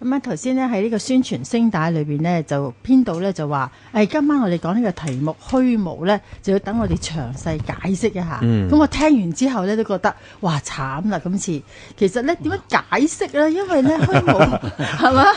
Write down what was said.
咁啊，頭先咧喺呢個宣傳聲帶裏邊咧，就編導咧就話：誒、哎，今晚我哋講呢個題目虛無咧，就要等我哋詳細解釋一下。咁、嗯、我聽完之後咧都覺得，哇，慘啦！今次，其實咧點樣解釋咧？因為咧虛無，係嘛？